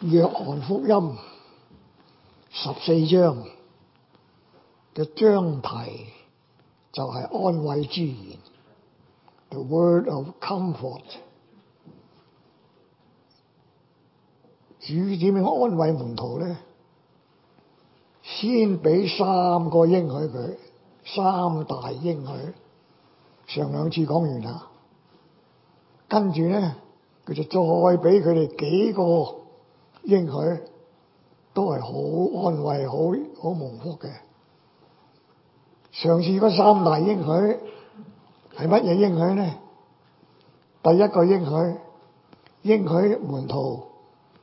約翰福音十四章嘅章題就係安慰之言，The Word of Comfort。主點樣安慰門徒咧？先俾三個應許佢，三大應許。上兩次講完啦，跟住咧，佢就再俾佢哋幾個。應許都係好安慰，好好蒙福嘅。上次嗰三大應許係乜嘢應許呢？第一個應許，應許門徒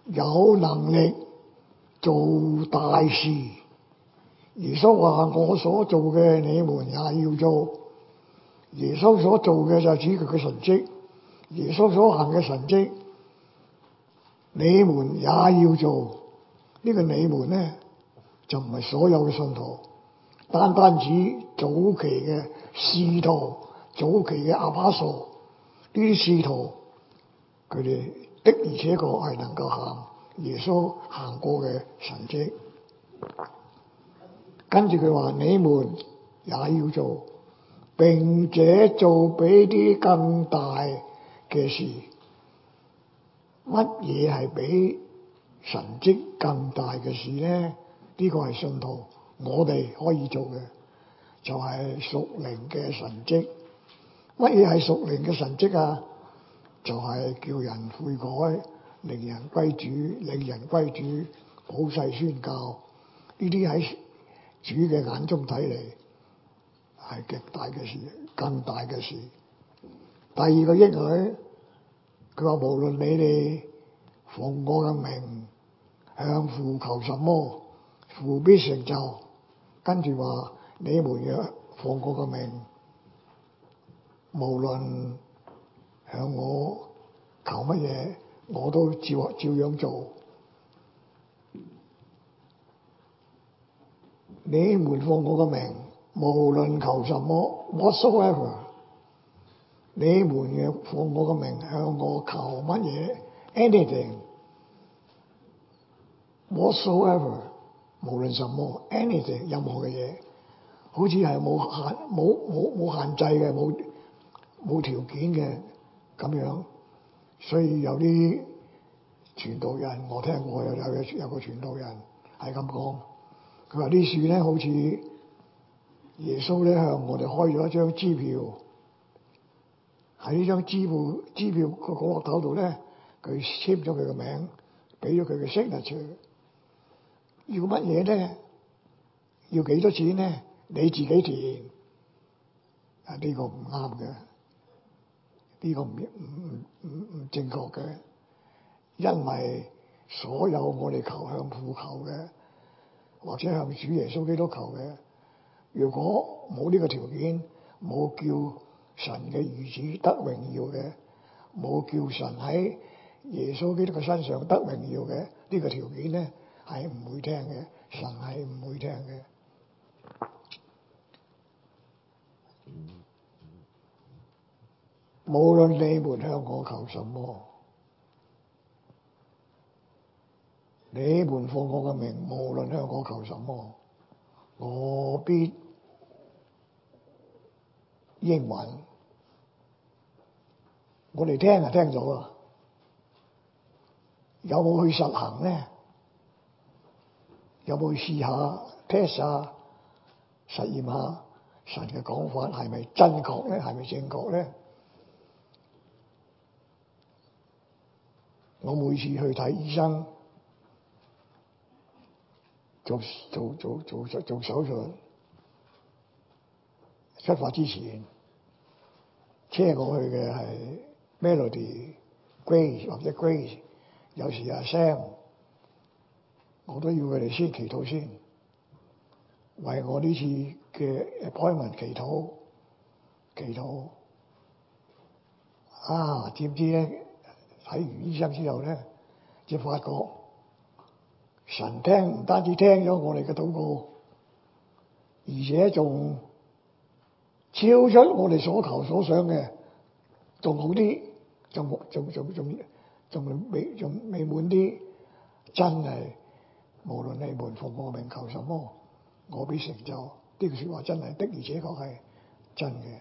有能力做大事。耶穌話：我所做嘅，你們也要做。耶穌所做嘅就係指佢嘅神跡，耶穌所行嘅神跡。你們也要做呢、這個你們咧，就唔係所有嘅信徒，單單指早期嘅使徒，早期嘅阿巴索呢啲使徒，佢哋的而且確係能夠行耶穌行過嘅神蹟。跟住佢話：你們也要做，並且做比啲更大嘅事。乜嘢係比神迹更大嘅事咧？呢、這個係信徒我哋可以做嘅，就係、是、屬靈嘅神蹟。乜嘢係屬靈嘅神蹟啊？就係、是、叫人悔改、令人歸主、令人歸主、普世宣教。呢啲喺主嘅眼中睇嚟係極大嘅事，更大嘅事。第二個益處。佢話，無論你哋奉我嘅命向父求什麼，父必成就。跟住話，你們若奉我嘅命，無論向我求乜嘢，我都照照樣做。你們奉我嘅命，無論求什麼，whatsoever。What soever, 你們若奉我個名向我求乜嘢，anything，whatsoever，無論什麼，Anything，什麼，anything，任何嘅嘢，好似係冇限冇冇冇限制嘅，冇冇條件嘅咁樣。所以有啲傳道人，我聽我又有有有個傳道人係咁講，佢話呢樹咧好似耶穌咧向我哋開咗一張支票。喺呢張支付支票個角落頭度咧，佢簽咗佢嘅名，俾咗佢嘅 signature。要乜嘢咧？要幾多錢咧？你自己填。啊，呢、這個唔啱嘅，呢、這個唔唔唔唔正確嘅。因為所有我哋求向父求嘅，或者向主耶穌基督求嘅，如果冇呢個條件，冇叫。神嘅兒子得榮耀嘅，冇叫神喺耶穌基督嘅身上得榮耀嘅呢、呢個條件咧，係唔會聽嘅，神係唔會聽嘅。無論你們向我求什麼，你們奉我嘅名，無論向我求什麼，我必。英文，我哋聽啊聽咗咯，有冇去實行咧？有冇去試下 test 啊？實驗下神嘅講法係咪真確咧？係咪正確咧？我每次去睇醫生，做做做做做手術，出發之前。車過去嘅係 Melody Grace 或者 Grace，有時阿 Sam，我都要佢哋先祈禱先，為我呢次嘅 appointment 祈禱祈禱。啊，點知咧？睇完醫生之後咧，就發覺神聽唔單止聽咗我哋嘅禱告，而且仲～超出我哋所求所想嘅，仲好啲，仲仲仲仲仲美仲美滿啲，真係無論你哋奉我名求什麼，我必成就，呢句說話真係的而且確係真嘅。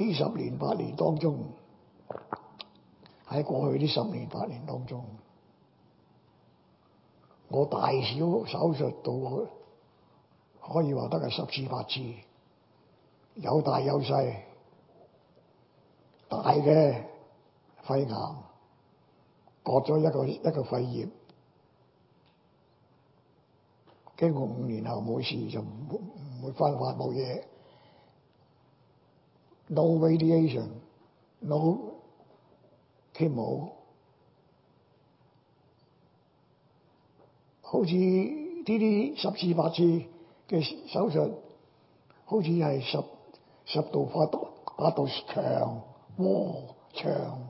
呢十 年八年當中。喺過去呢十年八年當中，我大小手術到，可以話得係十次八次，有大有細，大嘅肺癌割咗一個一個肺葉，經過五年後冇事就唔會唔會翻返冇嘢，no radiation，no。冇，好似呢啲十次八次嘅手術，好似係十十度、八度、八度牆，哇牆！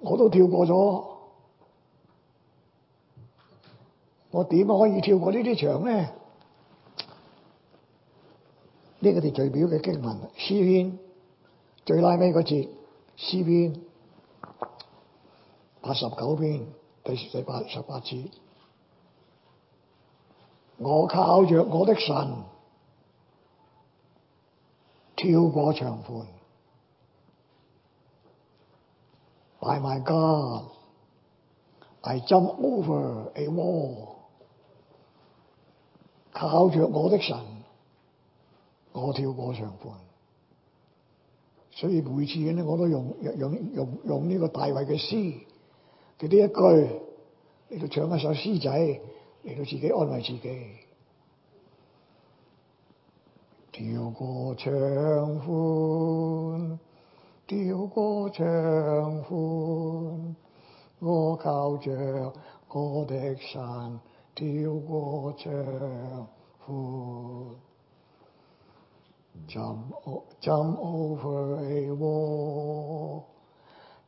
我都跳過咗，我點可以跳過場呢啲牆咧？呢個係最妙嘅經文，詩篇最拉尾嗰節詩篇八十九篇第第八十八節，我靠着我的神跳過長盤。By my God，I jump over a wall。靠着我的神，我跳過長盤。所以每次咧，我都用用用用呢個大衛嘅詩。佢呢一句，嚟到唱一首詩仔，嚟到自己安慰自己， 跳過長歡，跳過長歡，我靠著我的山，跳過長歡 j u m jump over a wall。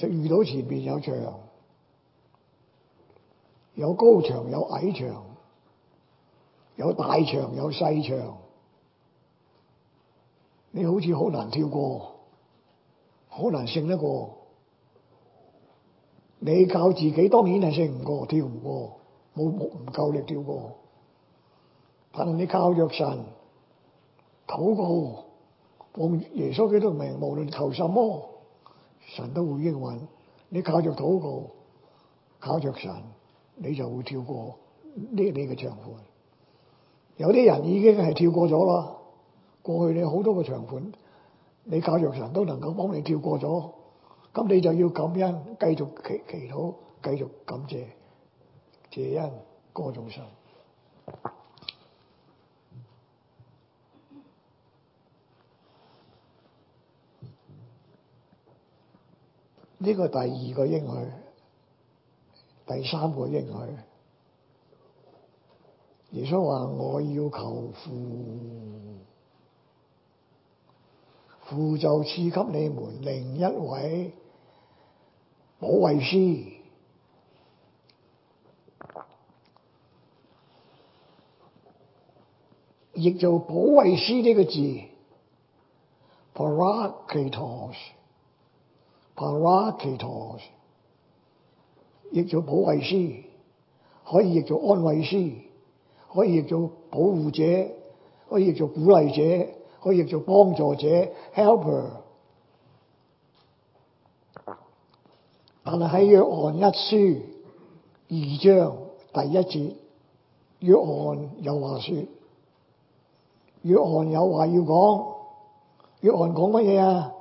就遇到前面有牆，有高牆，有矮牆，有大牆，有細牆，你好似好難跳過，好難勝得過。你靠自己，當然係勝唔過，跳唔過，冇冇唔夠力跳過。但係你靠着神禱告，奉耶穌基督名，無論求什麼。神都會應允，你靠着禱告，靠着神，你就會跳過呢你嘅長盤。有啲人已經係跳過咗啦，過去你好多個長盤，你靠着神都能夠幫你跳過咗，咁你就要感恩，繼續祈祈禱，繼續感謝謝恩，歌頌神。呢個第二個應許，第三個應許，耶穌話：我要求父，父就賜給你們另一位保惠師，亦就保惠師呢個字，Paracletos。Par 巴拉奇陀，亦做保惠師，可以亦做安慰師，可以亦做保護者，可以亦做鼓勵者，可以亦做幫助者 （helper）。Hel 但係喺約翰一書二章第一節，約翰有話說，約翰有話要講，約翰講乜嘢啊？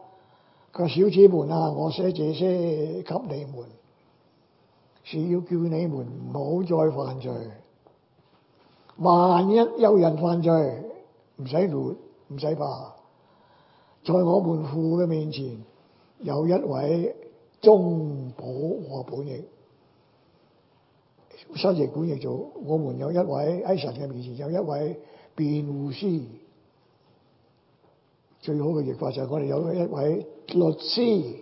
佢，小子們啊，我寫這些給你們，是要叫你們唔好再犯罪。萬一有人犯罪，唔使活，唔使怕。在我們父嘅面前，有一位中保和本役。新約管役做。我們有一位，阿、哎、神嘅面前有一位辯護師，最好嘅譯法就係我哋有一位。律師，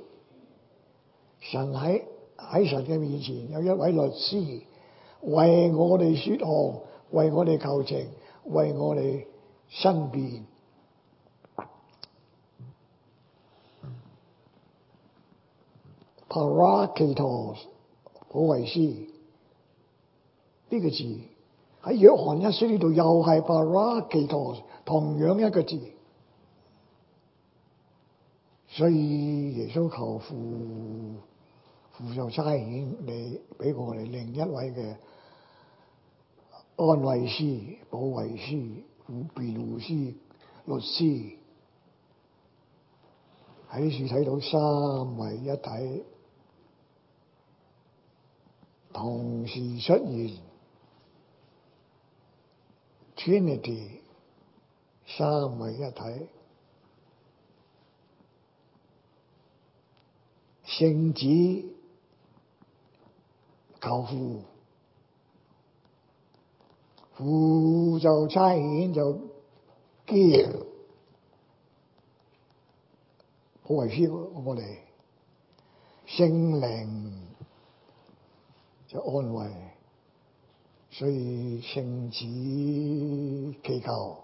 神喺喺神嘅面前有一位律師，為我哋說項，為我哋求情，為我哋申辯。Parakitos 保惠師，呢、 這個字喺約翰一書呢度又係 Parakitos，同樣一個字。所以耶穌求父，父助差遣你俾我哋另一位嘅安慰師、保衛師、師、辯護師、律師。喺處睇到三位一體，同時出現 Trinity 三位一體。聖子求父，父就差遣就畀，好危險我哋聖靈就安慰，所以聖子祈求，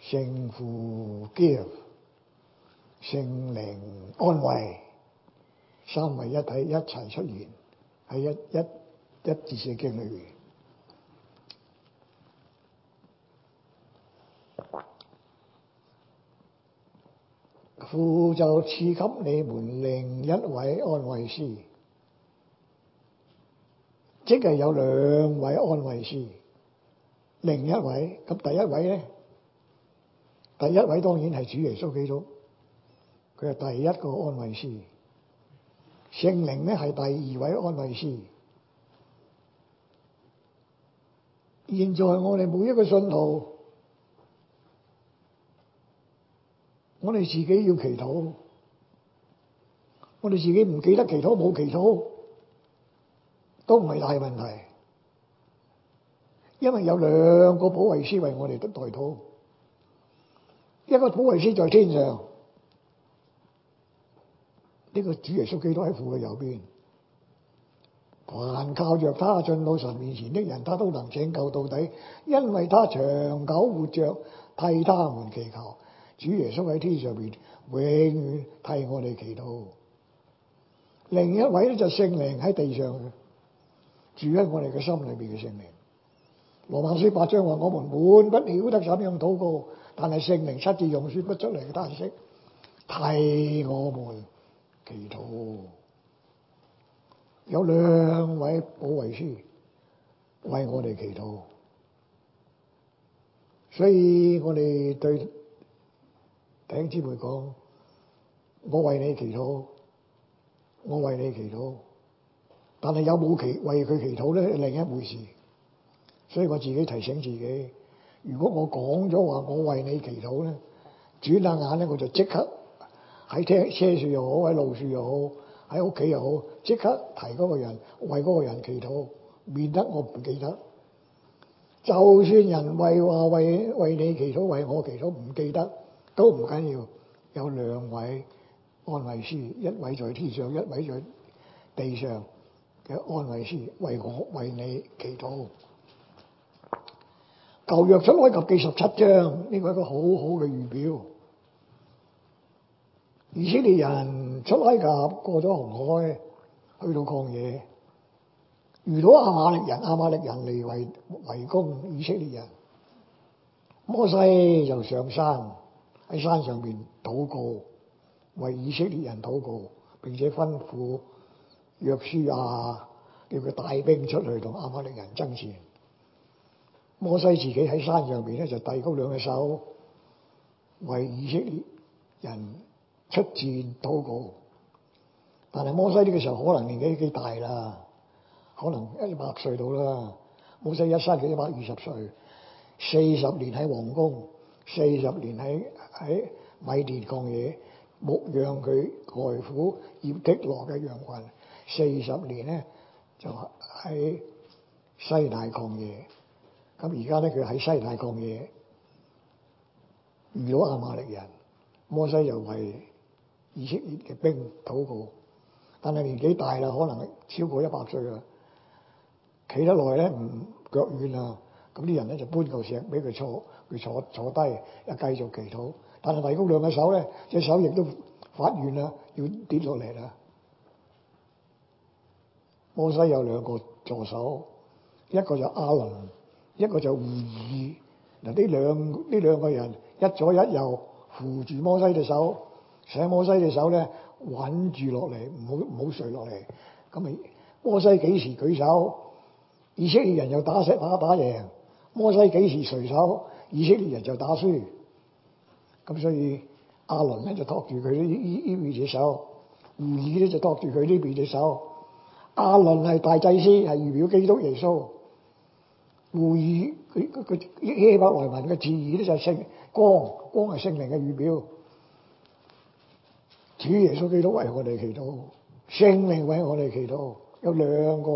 聖父畀，聖靈安慰。三位一體一齊出現喺一一一至四經裏邊，父就賜給你們另一位安慰師，即係有兩位安慰師。另一位咁，第一位呢，第一位當然係主耶穌基督，佢係第一個安慰師。聖靈咧，係第二位安慰師，現在我哋每一個信徒，我哋自己要祈禱，我哋自己唔記得祈禱，冇祈禱都唔係大問題，因為有兩個保惠師為我哋得代禱，一個保惠師在天上，呢個主耶穌基督喺父嘅右邊，凡靠着他進到神面前的人，他都能拯救到底，因為他長久活着替他們祈求。主耶穌喺天上邊永遠替我哋祈禱。另一位咧就聖靈喺地上嘅，住喺我哋嘅心裏邊嘅聖靈。羅曼斯八章話：我們滿不了得不曉得怎樣禱告，但係聖靈七字用說不出嚟嘅嘆息，替我們。祈禱有兩位保惠師，為我哋祈禱，所以我哋對弟兄姊妹講：我為你祈禱，我為你祈禱。但係有冇祈為佢祈禱咧？係另一回事。所以我自己提醒自己：如果我講咗話，我為你祈禱咧，轉下眼咧，我就即刻。喺車車樹又好，喺路樹又好，喺屋企又好，即刻提嗰個人為嗰個人祈禱，免得我唔記得。就算人為話為為你祈禱，為我祈禱唔記得都唔緊要。有兩位安慰師，一位在天上，一位在地上嘅安慰師，為我為你祈禱。舊約出埃及記十七章，呢個係一個好好嘅預表。以色列人出埃及，過咗紅海，去到曠野，遇到亞瑪力人，亞瑪力人嚟圍圍攻以色列人。摩西就上山，喺山上邊禱告，為以色列人禱告，並且吩咐約書亞，叫佢帶兵出去同亞瑪力人爭戰。摩西自己喺山上邊咧，就遞高兩隻手，為以色列人，出戰禱告，但係摩西呢個時候可能年紀幾大啦，可能一百歲到啦。摩西一生佢一百二十歲，四十年喺王宮，四十年喺喺米甸曠野牧養佢外父葉忒羅嘅羊群，四十年咧就喺西奈曠野。咁而家咧佢喺西奈曠野遇到亞瑪力人，摩西又係。二千億嘅兵禱告，但係年紀大啦，可能超過一百歲啦。企得耐咧，唔腳軟啦，咁啲人咧就搬嚿石俾佢坐，佢坐坐低又繼續祈禱。但係唯共兩隻手咧，隻手亦都發軟啦，要跌落嚟啦。摩西有兩個助手，一個就阿倫，一個就胡爾。嗱，呢兩呢兩個人一左一右扶住摩西隻手，上摩西隻手咧，穩住落嚟，唔好唔好垂落嚟。咁啊，摩西幾時舉手，以色列人又打勝打打贏；摩西幾時垂手，以色列人就打輸。咁、嗯、所以阿倫咧就托住佢呢呢呢邊隻手，胡爾咧就托住佢呢邊隻手。阿倫係大祭司，係預表基督耶穌。胡爾佢佢希伯來文嘅字義咧就係聖光，光係聖靈嘅預表。主耶穌基督為我哋祈禱，聖靈為我哋祈禱，有兩個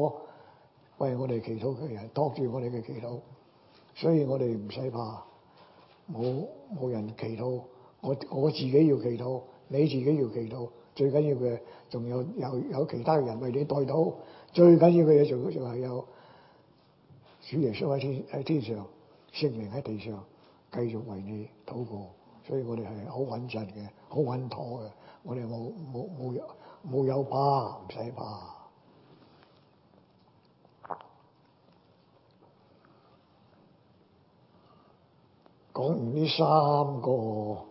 為我哋祈禱嘅人托住我哋嘅祈禱，所以我哋唔使怕，冇冇人祈禱，我我自己要祈禱，你自己要祈禱，最緊要嘅仲有有有其他嘅人為你代禱，最緊要嘅嘢就就係有主耶穌喺天喺天上，聖靈喺地上，繼續為你禱告，所以我哋係好穩陣嘅，好穩妥嘅。我哋冇冇冇有冇有，有怕，唔使怕。講完呢三個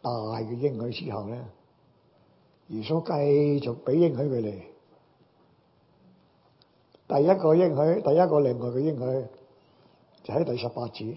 大嘅應許之後咧，耶穌繼續俾應許佢哋。第一個應許，第一個另外嘅應許就喺第十八節。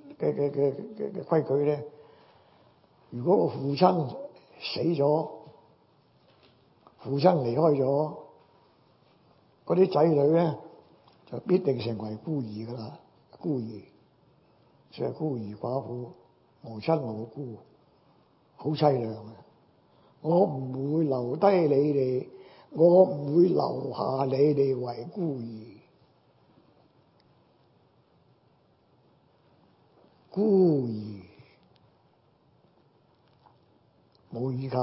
嘅嘅嘅嘅嘅規矩咧，如果我父親死咗，父親離開咗，嗰啲仔女咧就必定成為孤兒噶啦，孤兒，就係孤兒寡婦，無親無故，好凄涼啊！我唔會留低你哋，我唔會留下你哋為孤兒。孤兒冇依靠，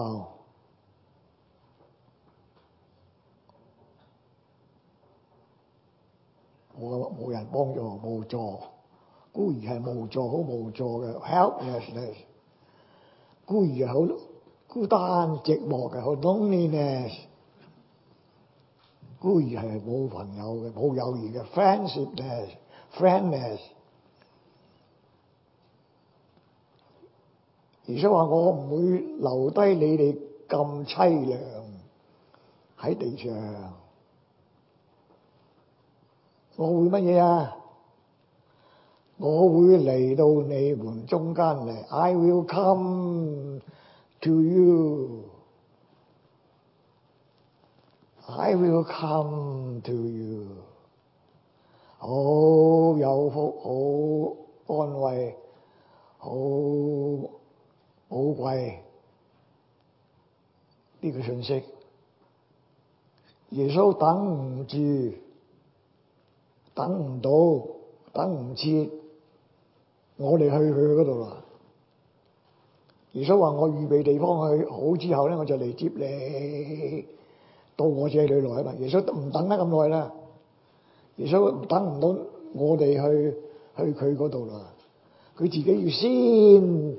冇冇人幫助，冇助，孤兒係冇助好冇助嘅 helplessness。孤兒好孤單寂寞嘅。好 loneliness，孤兒係冇朋友嘅，冇友誼嘅 friendshipness，friendness。而且話我唔會留低你哋咁淒涼喺地上，我會乜嘢啊？我會嚟到你們中間嚟，I will come to you，I will come to you，好有福，好安慰，好。好貴呢個信息，耶穌等唔住，等唔到，等唔切，我哋去佢嗰度啦。耶穌話：我預備地方去好之後咧，我就嚟接你到我這裏來啊！嘛，耶穌唔等得咁耐啦，耶穌等唔到我哋去去佢嗰度啦，佢自己要先。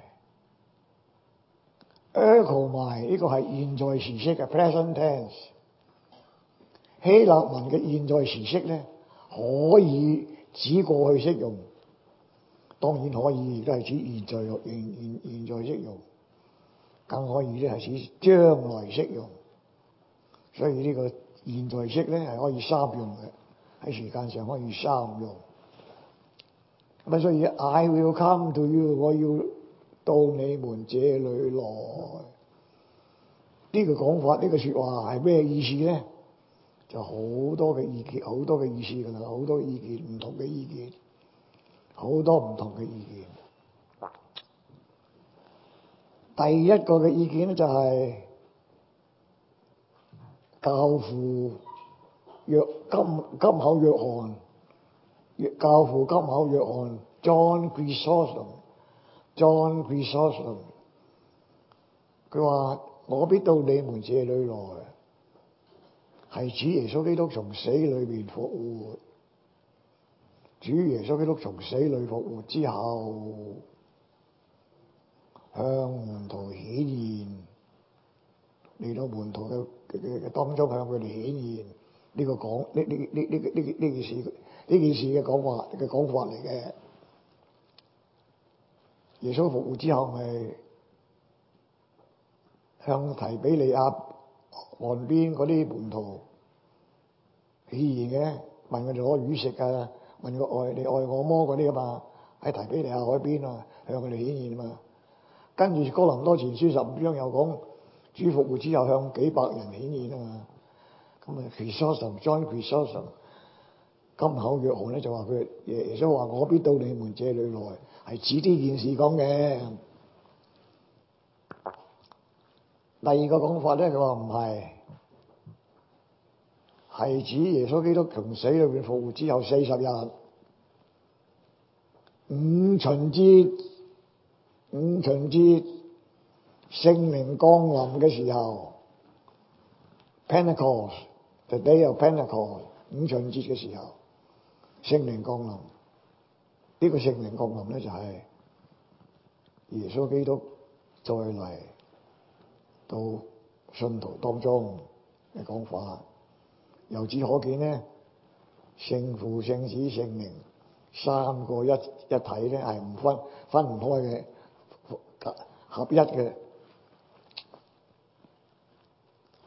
er 咁埋呢個係現在時式嘅 present tense。希臘文嘅現在時式咧可以指過去式用，當然可以，亦都係指現在現現現在式用，更可以咧係指將來式用。所以呢個現在式咧係可以三用嘅，喺時間上可以三用。咁所以 I will come to you，我要。到你們這裡來，呢、這個講法，呢、這個説話係咩意思咧？就好多嘅意見，好多嘅意思㗎啦，好多意見，唔同嘅意見，好多唔同嘅意見。第一個嘅意見咧、就是，就係教父約金、金口約翰，教父金口約翰 John Chrysost John 佢話：我必到你們這裏來，係主耶穌基督從死裏邊復活。主耶穌基督從死裏復活之後，向門徒顯現，嚟到門徒嘅嘅當中向，向佢哋顯現呢個講呢呢呢呢呢呢件事呢件事嘅講話嘅講法嚟嘅。耶穌復活之後，咪向提比利亞岸邊嗰啲門徒顯現嘅，問佢哋攞魚食啊，問佢愛你愛我麼嗰啲啊嘛，喺提比利亞海邊啊，向佢哋顯現啊嘛。跟住哥林多前書十五章又講，主復活之後向幾百人顯現啊嘛。咁啊，John，join John，金口約翰咧就話佢，耶穌話我必到你們這裏來。係指呢件事講嘅。第二個講法咧，佢話唔係，係指耶穌基督從死裏邊復活之後四十日，五旬節，五旬節聖靈降臨嘅時候，Pentecost，the day of Pentecost，五旬節嘅時候，聖靈降臨。呢個聖靈降臨咧，就係耶穌基督再嚟到信徒當中嘅講法，由此可見咧，聖父、聖子、聖靈三個一一體咧，係唔分分唔開嘅合一嘅，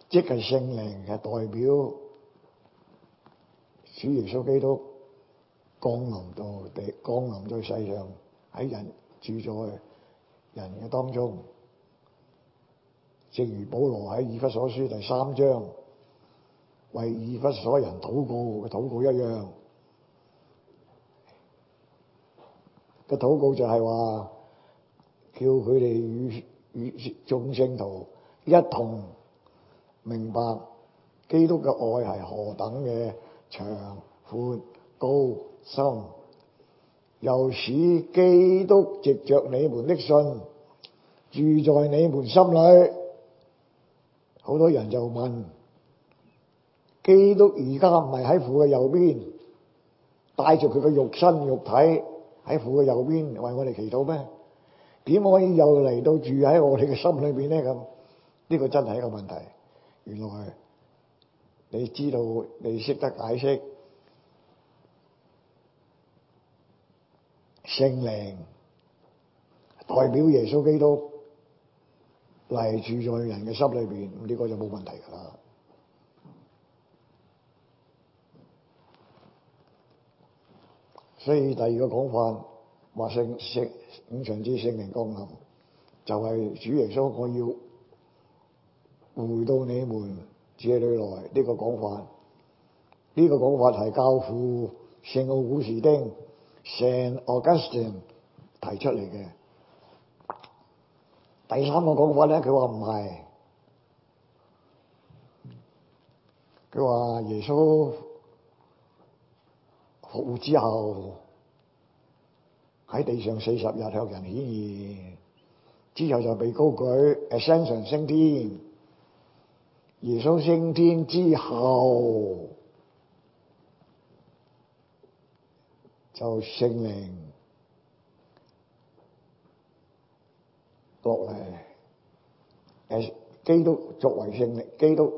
即係聖靈係代表主耶穌基督，降臨到地，降臨到世上，喺人住在人嘅當中，正如保羅喺以弗所書第三章為以弗所人禱告嘅禱告一樣，嘅禱告就係話叫佢哋與與眾聖徒一同明白基督嘅愛係何等嘅長闊高心，又使、so, 基督藉着，着你們的信，住在你們心裏。好多人就問：基督而家唔係喺父嘅右邊，帶住佢嘅肉身肉體喺父嘅右邊為我哋祈禱咩？點可以又嚟到住喺我哋嘅心裏邊咧？咁、這、呢個真係一個問題。原來你知道，你識得解釋。聖靈代表耶穌基督嚟，住在人嘅心裏邊，呢、這個就冇問題噶啦。所以第二個講法話，聖聖五旬節聖靈降臨，就係、是、主耶穌，我要回到你們這裏來，呢、這個講法，呢、這個講法係教父聖奧古斯丁。聖奧古斯丁提出嚟嘅，第三個講法咧，佢話唔係，佢話耶穌復活之後喺地上四十日有人顯現，之後就被高舉，Ascension 升天，耶穌升天之後。就聖靈落嚟，誒，基督作為聖靈，基督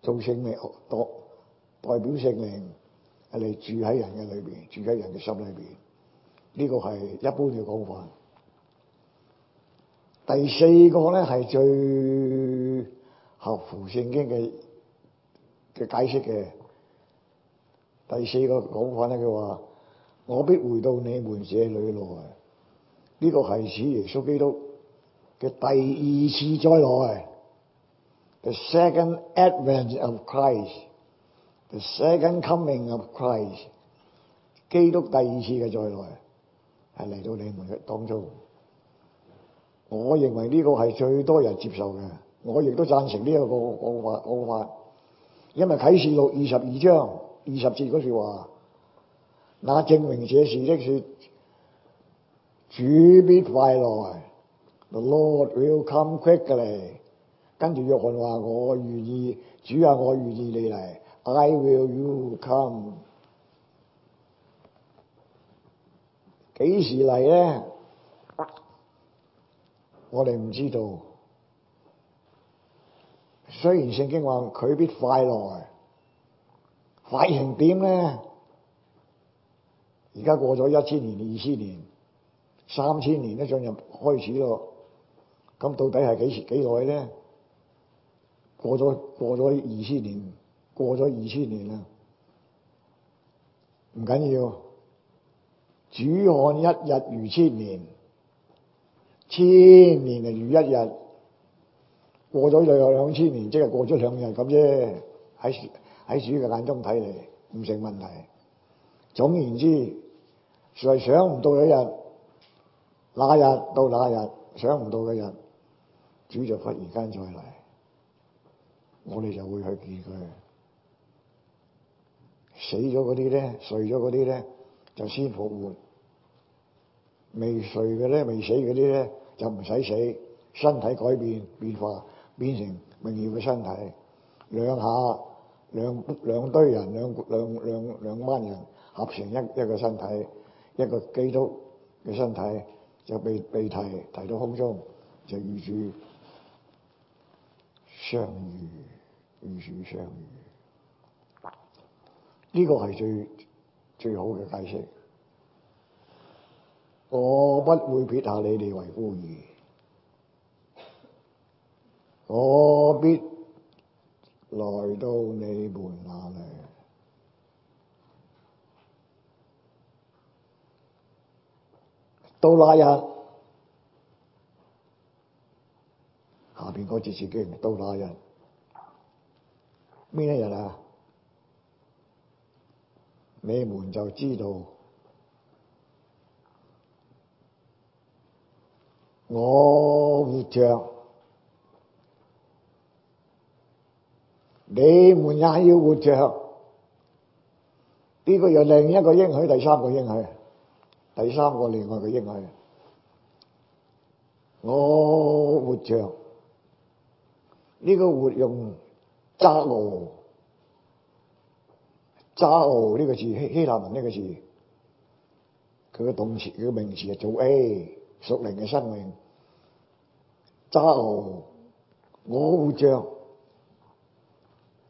做聖靈，代代表聖靈你住喺人嘅裏邊，住喺人嘅心裏邊，呢、這個係一般嘅講法。第四個咧係最合乎聖經嘅嘅解釋嘅。第四個講法咧，佢話，我必回到你們這裏來，呢、這個係指耶穌基督嘅第二次再來，the second advent of Christ，the second coming of Christ，基督第二次嘅再來係嚟到你們嘅當中。我認為呢個係最多人接受嘅，我亦都贊成呢一個講法講法，因為啟示錄二十二章。二十節嗰時話，那證明這是的說，主必快來，The Lord will come quickly。跟住約翰話我願意，主啊我願意你嚟，I will you come。幾時嚟咧？我哋唔知道。雖然聖經話佢必快來。髮型點咧？而家過咗一千年，二千年、三千年都進入開始咯。咁到底係幾時幾耐咧？過咗，過咗二千年，過咗二千年啦。唔緊要，主看一日如千年，千年如一日。過咗就有兩千年，即係過咗兩日咁啫。喺。喺主嘅眼中睇嚟唔成問題。總言之，就係想唔到嘅日，那日到那日想唔到嘅日，主就忽然間再嚟，我哋就會去見佢。死咗嗰啲咧，睡咗嗰啲咧，就先復活；未睡嘅咧，未死嗰啲咧，就唔使死，身體改變變化變成榮耀嘅身體，兩下。兩兩堆人，兩兩兩兩,兩班人合成一一個身體，一個基督嘅身體，就被被提提到空中，就與主相遇，與主相遇。呢、這個係最最好嘅解釋。我不會撇下你哋為孤兒，我必。來到你們那裏，到那日？下邊嗰節聖經，到那日？邊一日啊？你們就知道 我活着。你們也要活着，呢、這個又另一個應許，第三個應許，第三個另外個應許。我活着，呢、這個活用扎傲」，「扎傲」呢個字希希臘文呢個字，佢個動詞佢個名詞係做 A 屬靈嘅生命。扎傲」，我活着。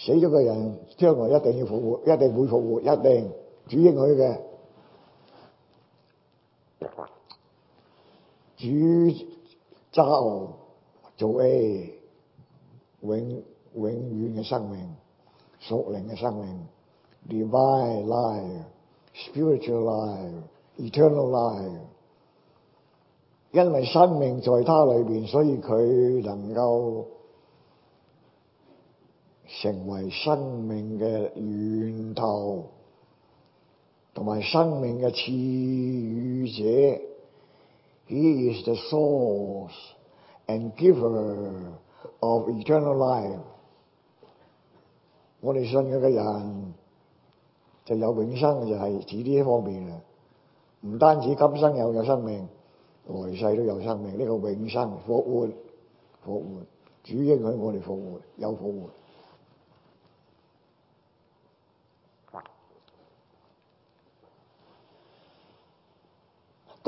死咗嘅人，將來一定要復活，一定會復活，一定主應佢嘅。主咒做起永永遠嘅生命，屬靈嘅生命，Divine Life、Spiritual Life、Eternal Life，因為生命在祂裏邊，所以佢能夠。成為生命嘅源頭，同埋生命嘅賜予者。He is the source and giver of eternal life。我哋信佢嘅人，就有永生，就係指呢一方面啊，唔單止今生有有生命，來世都有生命。呢、這個永生復活，復活，主應許我哋復活，有復活。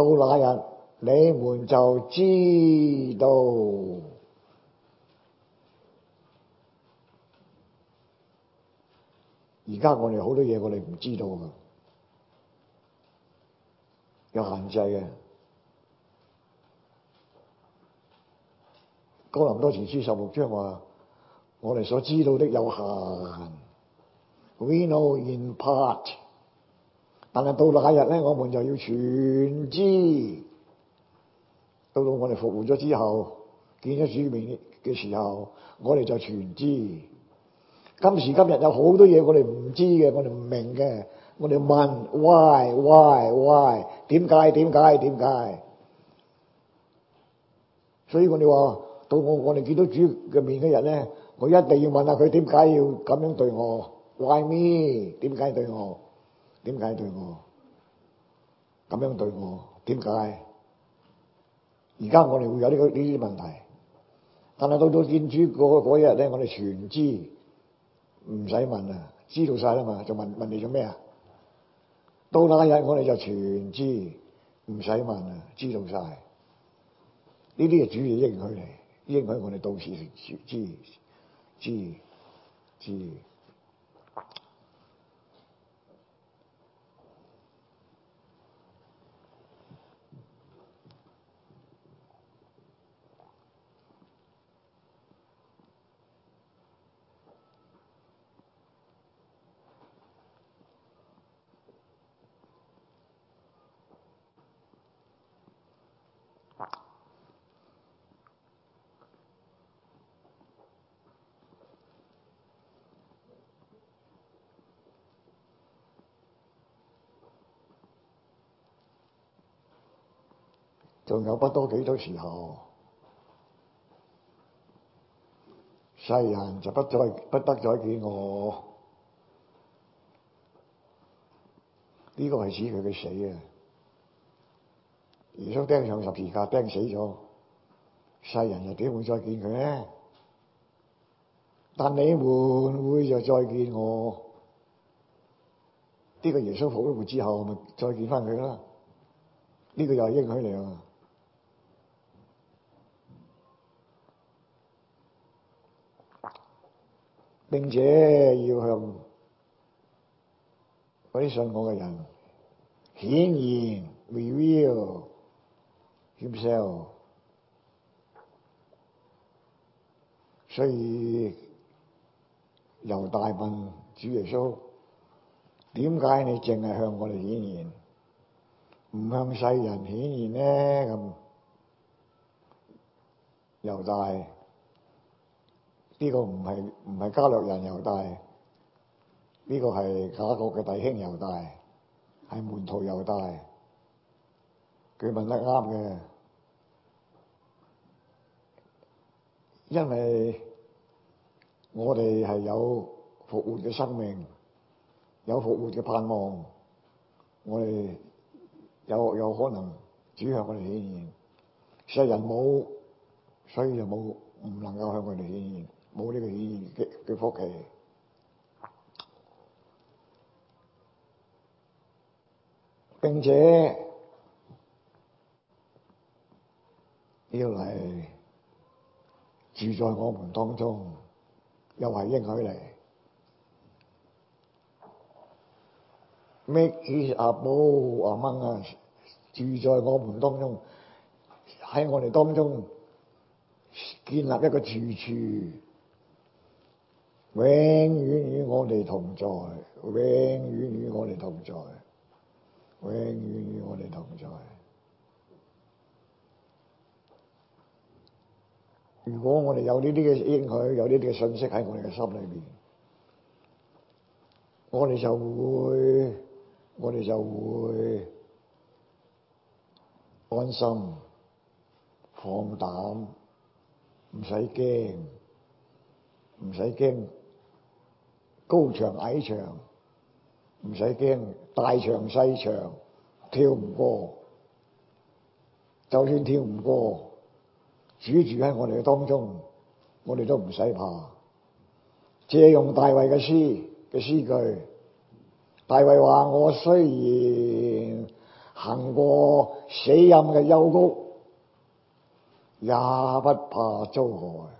到那日，你們就知道。而家我哋好多嘢，我哋唔知道嘅，有限制嘅。《哥林多前書》十六章話：我哋所知道的有限。We know in part. 但係到那日咧，我們就要全知。到到我哋復活咗之後，見咗主面嘅時候，我哋就全知。今時今日有好多嘢我哋唔知嘅，我哋唔明嘅，我哋問 why why why？點解？點解？點解？所以我哋話，到我我哋見到主嘅面嘅日咧，我一定要問下佢點解要咁樣對我？Why me？點解對我？點解對我咁樣對我？點解？而家我哋會有呢個呢啲問題，但係到咗見主嗰一日咧，我哋全知，唔使問啦，知道晒啦嘛，就問，問你做咩啊？到那日我哋就全知，唔使問啦，知道晒。呢啲就主要應許嚟，應許我哋到時知知知。知仲有不多幾多時候，世人就不再不得再見我。呢、這個係指佢嘅死啊！耶穌釘上十字架，釘死咗，世人又點會再見佢咧？但你們會，會就再見我。呢、這個耶穌復活之後，咪再見翻佢啦？呢、這個又係應許嚟啊！並且要向嗰啲信我嘅人顯現、reveal himself，所以猶大問主耶穌，點解你淨係向我哋顯現，唔向世人顯現咧？咁猶大。呢個唔係唔係加略人猶大，呢、這個係假國嘅弟兄猶大，係門徒猶大。佢問得啱嘅，因為我哋係有復活嘅生命，有復活嘅盼望，我哋有有可能主向我哋顯現，現。世人冇，所以就冇唔能夠向佢哋顯現。冇呢個意義嘅嘅福氣，並且要嚟住在我們當中，又係應許嚟。Make His Abode 阿翁啊，住在我們當中，喺我哋當中建立一個住處。永遠與我哋同在，永遠與我哋同在，永遠與我哋同在。如果我哋有呢啲嘅應許，有呢啲嘅信息喺我哋嘅心裏邊，我哋就會，我哋就會安心、放膽，唔使驚，唔使驚。高牆矮牆唔使驚，大牆細牆跳唔過，就算跳唔過，主住喺我哋嘅當中，我哋都唔使怕。借用大衛嘅詩嘅詩句，大衛話：我雖然行過死蔭嘅幽谷，也不怕遭害。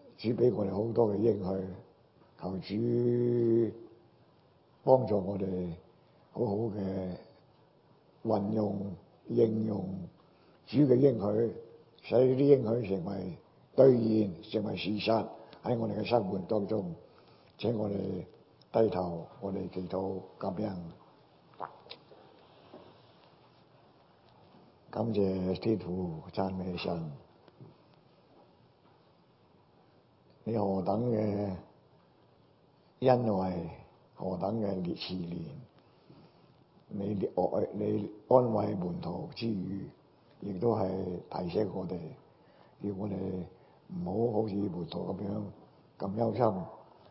主俾我哋好多嘅應許，求主幫助我哋好好嘅運用、應用主嘅應許，使呢啲應許成為兌現、成為事實喺我哋嘅生活當中。請我哋低頭我，我哋祈禱。噉樣，感謝天父讚美神。你何等嘅恩惠，何等嘅烈士年，你愛，你安慰門徒之餘，亦都係提醒我哋，叫我哋唔好好似門徒咁樣咁憂心，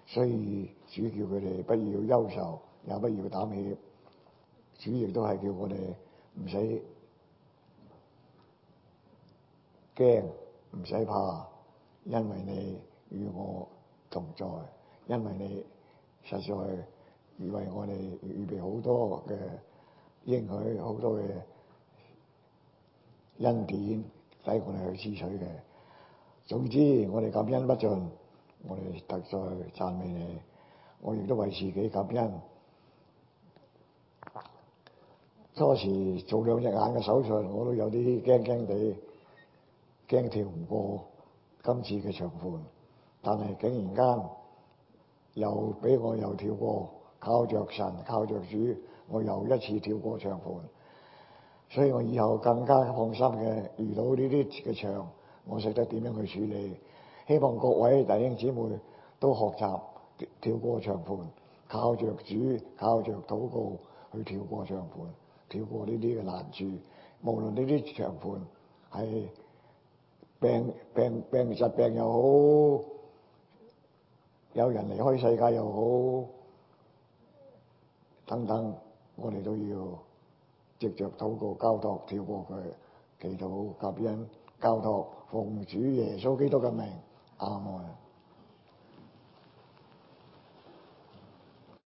所以主叫佢哋不要憂愁，也不要膽怯，主亦都係叫我哋唔使驚，唔使怕，因為你。與我同在，因為你實在以為我哋預備好多嘅應許，好多嘅恩典，俾我哋去支取嘅。總之，我哋感恩不盡，我哋特再讚美你。我亦都為自己感恩。初時做兩隻眼嘅手術，我都有啲驚驚地，驚跳唔過今次嘅長款。但係竟然間又俾我又跳過，靠着神、靠着主，我又一次跳過長盤。所以我以後更加放心嘅，遇到呢啲嘅場，我識得點樣去處理。希望各位弟兄姊妹都學習跳過長盤，靠着主、靠着禱告去跳過長盤，跳過呢啲嘅難處，無論呢啲長盤係病病病,病疾病又好。有人離開世界又好，等等，我哋都要藉着禱告交託，跳過佢，祈禱，吸引交託奉主耶穌基督嘅名，阿們！